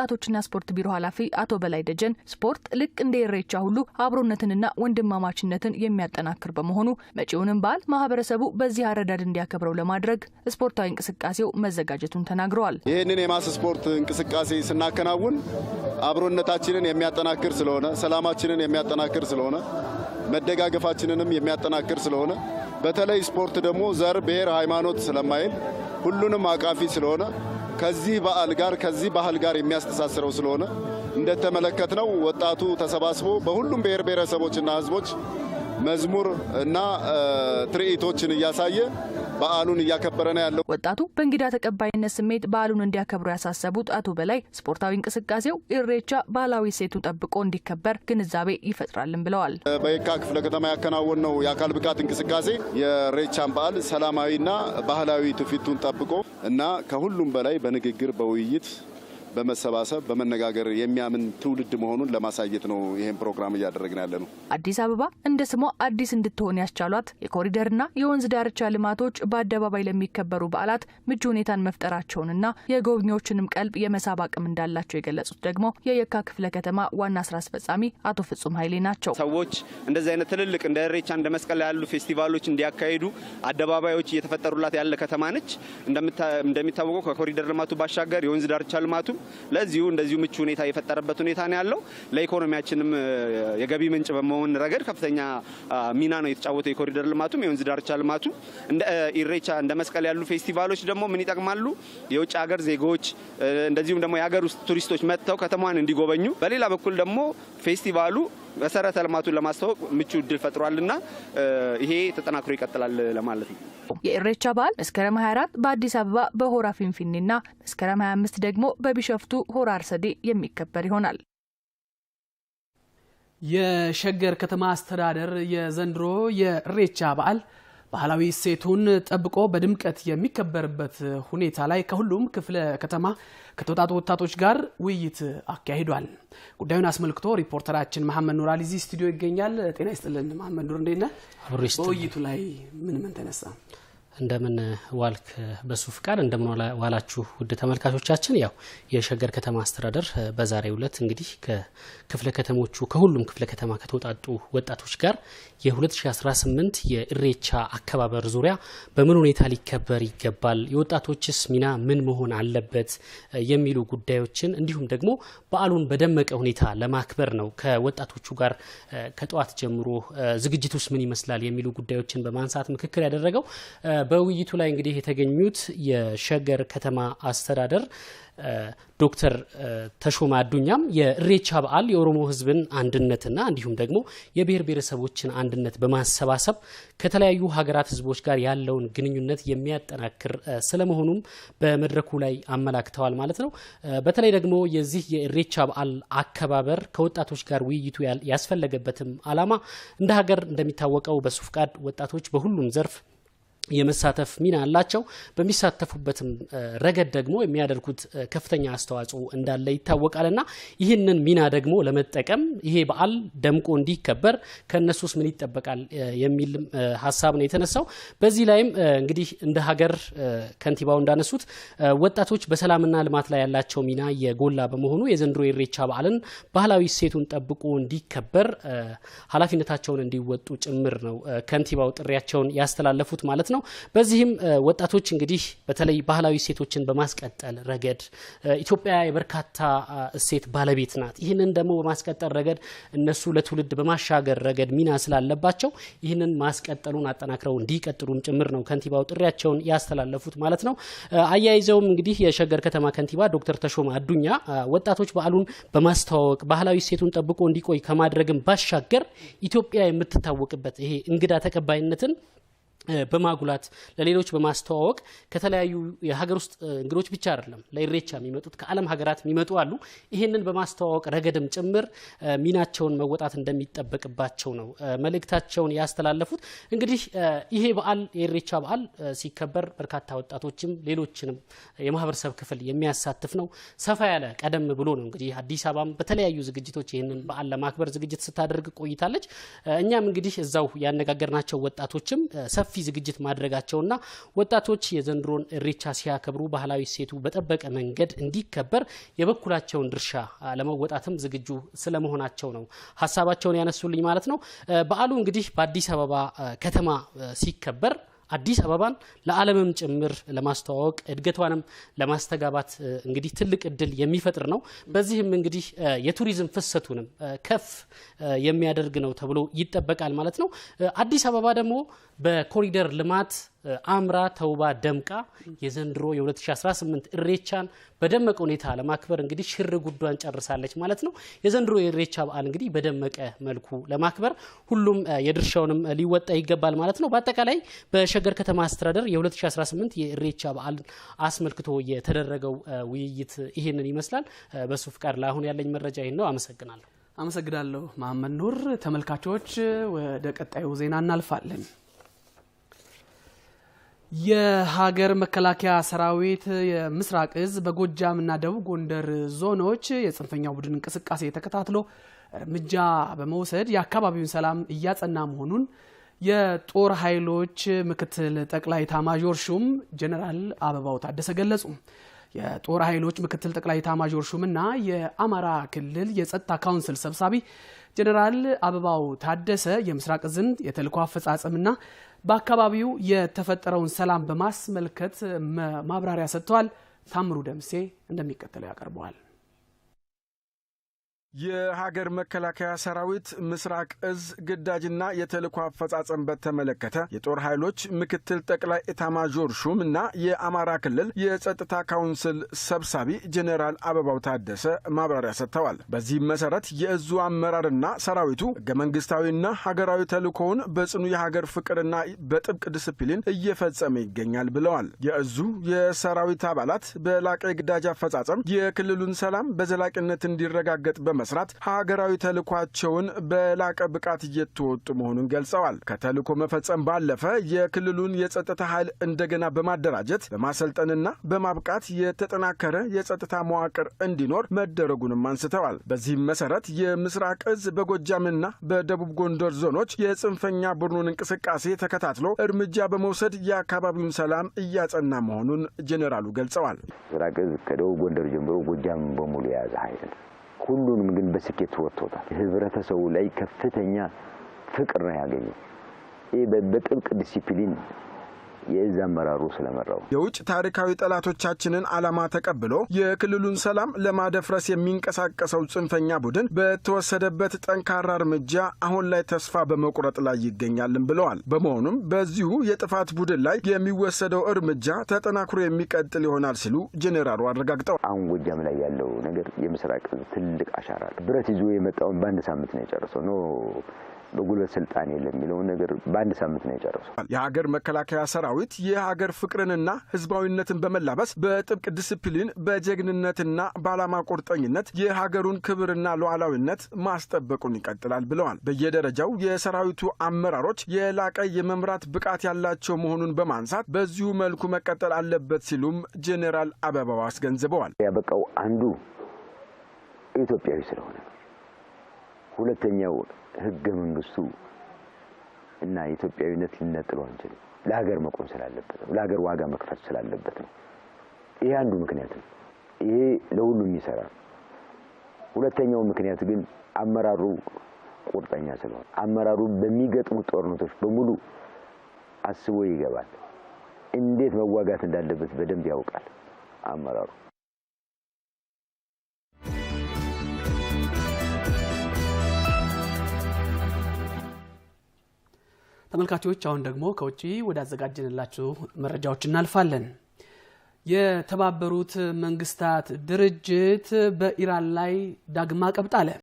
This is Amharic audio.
ወጣቶችና ስፖርት ቢሮ ኃላፊ አቶ በላይ ደጀን ስፖርት ልክ እንደ ኢሬቻ ሁሉ አብሮነትንና ወንድማማችነትን የሚያጠናክር በመሆኑ መጪውንም በዓል ማህበረሰቡ በዚህ አረዳድ እንዲያከብረው ለማድረግ ስፖርታዊ እንቅስቃሴው መዘጋጀቱን ተናግረዋል። ይህንን የማስ ስፖርት እንቅስቃሴ ስናከናውን አብሮነታችንን የሚያጠናክር ስለሆነ፣ ሰላማችንን የሚያጠናክር ስለሆነ፣ መደጋገፋችንንም የሚያጠናክር ስለሆነ በተለይ ስፖርት ደግሞ ዘር፣ ብሔር፣ ሃይማኖት ስለማይል ሁሉንም አቃፊ ስለሆነ ከዚህ በዓል ጋር ከዚህ ባህል ጋር የሚያስተሳስረው ስለሆነ እንደተመለከትነው ወጣቱ ተሰባስቦ በሁሉም ብሔር ብሔረሰቦችና ሕዝቦች መዝሙር እና ትርኢቶችን እያሳየ በዓሉን እያከበረ ነው ያለው። ወጣቱ በእንግዳ ተቀባይነት ስሜት በዓሉን እንዲያከብሩ ያሳሰቡት አቶ በላይ ስፖርታዊ እንቅስቃሴው ኢሬቻ ባህላዊ ሴቱን ጠብቆ እንዲከበር ግንዛቤ ይፈጥራልን ብለዋል። በየካ ክፍለ ከተማ ያከናወነው የአካል ብቃት እንቅስቃሴ የኢሬቻን በዓል ሰላማዊና ባህላዊ ትውፊቱን ጠብቆ እና ከሁሉም በላይ በንግግር በውይይት በመሰባሰብ በመነጋገር የሚያምን ትውልድ መሆኑን ለማሳየት ነው ይህን ፕሮግራም እያደረግን ያለ ነው። አዲስ አበባ እንደ ስሟ አዲስ እንድትሆን ያስቻሏት የኮሪደርና የወንዝ ዳርቻ ልማቶች በአደባባይ ለሚከበሩ በዓላት ምቹ ሁኔታን መፍጠራቸውንና የጎብኚዎችንም ቀልብ የመሳብ አቅም እንዳላቸው የገለጹት ደግሞ የየካ ክፍለ ከተማ ዋና ስራ አስፈጻሚ አቶ ፍጹም ኃይሌ ናቸው። ሰዎች እንደዚህ አይነት ትልልቅ እንደ ሬቻ እንደ መስቀል ያሉ ፌስቲቫሎች እንዲያካሂዱ አደባባዮች እየተፈጠሩላት ያለ ከተማ ነች። እንደሚታወቀው ከኮሪደር ልማቱ ባሻገር የወንዝ ዳርቻ ልማቱም ለዚሁ እንደዚሁ ምቹ ሁኔታ የፈጠረበት ሁኔታ ነው ያለው። ለኢኮኖሚያችንም የገቢ ምንጭ በመሆን ረገድ ከፍተኛ ሚና ነው የተጫወተው የኮሪደር ልማቱም የወንዝ ዳርቻ ልማቱ። እንደ ኢሬቻ እንደ መስቀል ያሉ ፌስቲቫሎች ደግሞ ምን ይጠቅማሉ? የውጭ ሀገር ዜጎች እንደዚሁም ደግሞ የሀገር ውስጥ ቱሪስቶች መጥተው ከተማዋን እንዲጎበኙ፣ በሌላ በኩል ደግሞ ፌስቲቫሉ መሰረተ ልማቱን ለማስተዋወቅ ምቹ እድል ፈጥሯልና ይሄ ተጠናክሮ ይቀጥላል ለማለት ነው። የኢሬቻ በዓል መስከረም 24 በአዲስ አበባ በሆራ ፊንፊኔና መስከረም 25 ደግሞ በቢሸፍቱ ሆራ አርሰዴ የሚከበር ይሆናል። የሸገር ከተማ አስተዳደር የዘንድሮ የኢሬቻ በዓል ባህላዊ እሴቱን ጠብቆ በድምቀት የሚከበርበት ሁኔታ ላይ ከሁሉም ክፍለ ከተማ ከተወጣጡ ወጣቶች ጋር ውይይት አካሂዷል። ጉዳዩን አስመልክቶ ሪፖርተራችን መሐመድ ኑር አሊ እዚህ ስቱዲዮ ይገኛል። ጤና ይስጥልን መሐመድ ኑር፣ እንዴት ነህ? በውይይቱ ላይ ምን ምን ተነሳ? እንደምን ዋልክ በሱ ፍቃድ እንደምን ዋላችሁ ውድ ተመልካቾቻችን። ያው የሸገር ከተማ አስተዳደር በዛሬው ዕለት እንግዲህ ከክፍለ ከተሞቹ ከሁሉም ክፍለ ከተማ ከተውጣጡ ወጣቶች ጋር የ2018 የኢሬቻ አከባበር ዙሪያ በምን ሁኔታ ሊከበር ይገባል፣ የወጣቶችስ ሚና ምን መሆን አለበት የሚሉ ጉዳዮችን እንዲሁም ደግሞ በዓሉን በደመቀ ሁኔታ ለማክበር ነው ከወጣቶቹ ጋር ከጠዋት ጀምሮ ዝግጅቱስ ምን ይመስላል የሚሉ ጉዳዮችን በማንሳት ምክክር ያደረገው በውይይቱ ላይ እንግዲህ የተገኙት የሸገር ከተማ አስተዳደር ዶክተር ተሾማ አዱኛም የእሬቻ በዓል የኦሮሞ ሕዝብን አንድነትና እንዲሁም ደግሞ የብሔር ብሔረሰቦችን አንድነት በማሰባሰብ ከተለያዩ ሀገራት ሕዝቦች ጋር ያለውን ግንኙነት የሚያጠናክር ስለመሆኑም በመድረኩ ላይ አመላክተዋል ማለት ነው። በተለይ ደግሞ የዚህ የእሬቻ በዓል አከባበር ከወጣቶች ጋር ውይይቱ ያስፈለገበትም ዓላማ እንደ ሀገር እንደሚታወቀው በሱፍቃድ ወጣቶች በሁሉም ዘርፍ የመሳተፍ ሚና አላቸው። በሚሳተፉበትም ረገድ ደግሞ የሚያደርጉት ከፍተኛ አስተዋጽኦ እንዳለ ይታወቃልና ይህንን ሚና ደግሞ ለመጠቀም ይሄ በዓል ደምቆ እንዲከበር ውስጥ ምን ይጠበቃል የሚል ሀሳብ ነው የተነሳው። በዚህ ላይም እንግዲህ እንደ ሀገር ከንቲባው እንዳነሱት ወጣቶች በሰላምና ልማት ላይ ያላቸው ሚና የጎላ በመሆኑ የዘንድሮ የኢሬቻ በዓልን ባህላዊ እሴቱን ጠብቆ እንዲከበር ኃላፊነታቸውን እንዲወጡ ጭምር ነው ከንቲባው ጥሪያቸውን ያስተላለፉት ማለት ነው። ነው። በዚህም ወጣቶች እንግዲህ በተለይ ባህላዊ እሴቶችን በማስቀጠል ረገድ ኢትዮጵያ የበርካታ እሴት ባለቤት ናት። ይህንን ደግሞ በማስቀጠል ረገድ እነሱ ለትውልድ በማሻገር ረገድ ሚና ስላለባቸው ይህንን ማስቀጠሉን አጠናክረው እንዲቀጥሉም ጭምር ነው ከንቲባው ጥሪያቸውን ያስተላለፉት ማለት ነው። አያይዘውም እንግዲህ የሸገር ከተማ ከንቲባ ዶክተር ተሾመ አዱኛ ወጣቶች በዓሉን በማስተዋወቅ ባህላዊ እሴቱን ጠብቆ እንዲቆይ ከማድረግም ባሻገር ኢትዮጵያ የምትታወቅበት ይሄ እንግዳ ተቀባይነትን በማጉላት ለሌሎች በማስተዋወቅ ከተለያዩ የሀገር ውስጥ እንግዶች ብቻ አይደለም ለኢሬቻ የሚመጡት ከዓለም ሀገራት የሚመጡ አሉ። ይህንን በማስተዋወቅ ረገድም ጭምር ሚናቸውን መወጣት እንደሚጠበቅባቸው ነው መልእክታቸውን ያስተላለፉት። እንግዲህ ይሄ በዓል የኢሬቻ በዓል ሲከበር በርካታ ወጣቶችም ሌሎችንም የማህበረሰብ ክፍል የሚያሳትፍ ነው። ሰፋ ያለ ቀደም ብሎ ነው እንግዲህ አዲስ አበባም በተለያዩ ዝግጅቶች ይህንን በዓል ለማክበር ዝግጅት ስታደርግ ቆይታለች። እኛም እንግዲህ እዛው ያነጋገርናቸው ወጣቶችም ሰፋ ሰፊ ዝግጅት ማድረጋቸውና ወጣቶች የዘንድሮን እሬቻ ሲያከብሩ ባህላዊ እሴቱ በጠበቀ መንገድ እንዲከበር የበኩላቸውን ድርሻ ለመወጣትም ዝግጁ ስለመሆናቸው ነው ሀሳባቸውን ያነሱልኝ ማለት ነው። በዓሉ እንግዲህ በአዲስ አበባ ከተማ ሲከበር አዲስ አበባን ለዓለምም ጭምር ለማስተዋወቅ እድገቷንም ለማስተጋባት እንግዲህ ትልቅ እድል የሚፈጥር ነው። በዚህም እንግዲህ የቱሪዝም ፍሰቱንም ከፍ የሚያደርግ ነው ተብሎ ይጠበቃል ማለት ነው። አዲስ አበባ ደግሞ በኮሪደር ልማት አምራ ተውባ ደምቃ የዘንድሮ የ2018 እሬቻን በደመቀ ሁኔታ ለማክበር እንግዲህ ሽር ጉዷን ጨርሳለች ማለት ነው። የዘንድሮ የእሬቻ በዓል እንግዲህ በደመቀ መልኩ ለማክበር ሁሉም የድርሻውንም ሊወጣ ይገባል ማለት ነው። በአጠቃላይ በሸገር ከተማ አስተዳደር የ2018 የእሬቻ በዓል አስመልክቶ የተደረገው ውይይት ይህንን ይመስላል። በሱ ፍቃድ ለአሁን ያለኝ መረጃ ይህን ነው። አመሰግናለሁ። አመሰግናለሁ መሀመድ ኑር። ተመልካቾች ወደ ቀጣዩ ዜና እናልፋለን። የሀገር መከላከያ ሰራዊት የምስራቅ እዝ በጎጃምና ደቡብ ጎንደር ዞኖች የጽንፈኛው ቡድን እንቅስቃሴ ተከታትሎ እርምጃ በመውሰድ የአካባቢውን ሰላም እያጸና መሆኑን የጦር ኃይሎች ምክትል ጠቅላይ ታማዦር ሹም ጀኔራል አበባው ታደሰ ገለጹ። የጦር ኃይሎች ምክትል ጠቅላይ ኤታማዦር ሹምና የአማራ ክልል የጸጥታ ካውንስል ሰብሳቢ ጀኔራል አበባው ታደሰ የምስራቅ ዕዝን የተልእኮ አፈጻጸምና በአካባቢው የተፈጠረውን ሰላም በማስመልከት ማብራሪያ ሰጥተዋል። ታምሩ ደምሴ እንደሚከተለው ያቀርበዋል። የሀገር መከላከያ ሰራዊት ምስራቅ እዝ ግዳጅና የተልእኮ አፈጻጸም በተመለከተ የጦር ኃይሎች ምክትል ጠቅላይ ኤታማዦር ሹም እና የአማራ ክልል የጸጥታ ካውንስል ሰብሳቢ ጄኔራል አበባው ታደሰ ማብራሪያ ሰጥተዋል። በዚህም መሰረት የእዙ አመራርና ሰራዊቱ ህገ መንግስታዊና ሀገራዊ ተልእኮውን በጽኑ የሀገር ፍቅርና በጥብቅ ዲስፕሊን እየፈጸመ ይገኛል ብለዋል። የእዙ የሰራዊት አባላት በላቀ የግዳጅ አፈጻጸም የክልሉን ሰላም በዘላቂነት እንዲረጋገጥ በመ በመስራት ሀገራዊ ተልኳቸውን በላቀ ብቃት እየተወጡ መሆኑን ገልጸዋል። ከተልኮ መፈጸም ባለፈ የክልሉን የጸጥታ ኃይል እንደገና በማደራጀት በማሰልጠንና በማብቃት የተጠናከረ የጸጥታ መዋቅር እንዲኖር መደረጉንም አንስተዋል። በዚህም መሰረት የምስራቅ እዝ በጎጃምና በደቡብ ጎንደር ዞኖች የጽንፈኛ ቡድኑን እንቅስቃሴ ተከታትሎ እርምጃ በመውሰድ የአካባቢውን ሰላም እያጸና መሆኑን ጄኔራሉ ገልጸዋል። ምስራቅ እዝ ከደቡብ ጎንደር ጀምሮ ጎጃም በሙሉ የያዘ ኃይል ነው። ሁሉንም ግን በስኬት ወጥቶታል። ህብረተሰቡ ላይ ከፍተኛ ፍቅር ነው ያገኘው። ይህ በጥብቅ ዲሲፕሊን የእዝ አመራሩ ስለመራው የውጭ ታሪካዊ ጠላቶቻችንን ዓላማ ተቀብሎ የክልሉን ሰላም ለማደፍረስ የሚንቀሳቀሰው ጽንፈኛ ቡድን በተወሰደበት ጠንካራ እርምጃ አሁን ላይ ተስፋ በመቁረጥ ላይ ይገኛልን ብለዋል። በመሆኑም በዚሁ የጥፋት ቡድን ላይ የሚወሰደው እርምጃ ተጠናክሮ የሚቀጥል ይሆናል ሲሉ ጄኔራሉ አረጋግጠዋል። አሁን ጎጃም ላይ ያለው ነገር የምስራቅ ትልቅ አሻራ ብረት ይዞ የመጣውን በአንድ ሳምንት ነው የጨርሰው በጉልበት ስልጣን የለም የሚለውን ነገር በአንድ ሳምንት ነው የጨረሰው። የሀገር መከላከያ ሰራዊት የሀገር ፍቅርንና ህዝባዊነትን በመላበስ በጥብቅ ዲስፕሊን፣ በጀግንነትና በዓላማ ቁርጠኝነት የሀገሩን ክብርና ሉዓላዊነት ማስጠበቁን ይቀጥላል ብለዋል። በየደረጃው የሰራዊቱ አመራሮች የላቀ የመምራት ብቃት ያላቸው መሆኑን በማንሳት በዚሁ መልኩ መቀጠል አለበት ሲሉም ጄኔራል አበባው አስገንዝበዋል። ያበቃው አንዱ ኢትዮጵያዊ ስለሆነ ሁለተኛው ህገ መንግስቱ እና ኢትዮጵያዊነት ልንነጥለው አንችልም። ለሀገር መቆም ስላለበት ነው። ለሀገር ዋጋ መክፈል ስላለበት ነው። ይሄ አንዱ ምክንያት ነው። ይሄ ለሁሉም የሚሰራ ሁለተኛው ምክንያት ግን አመራሩ ቁርጠኛ ስለሆነ አመራሩ በሚገጥሙት ጦርነቶች በሙሉ አስቦ ይገባል። እንዴት መዋጋት እንዳለበት በደንብ ያውቃል አመራሩ። ተመልካቾች አሁን ደግሞ ከውጭ ወዳዘጋጀንላችሁ መረጃዎች እናልፋለን። የተባበሩት መንግስታት ድርጅት በኢራን ላይ ዳግማ ቀብጣለ።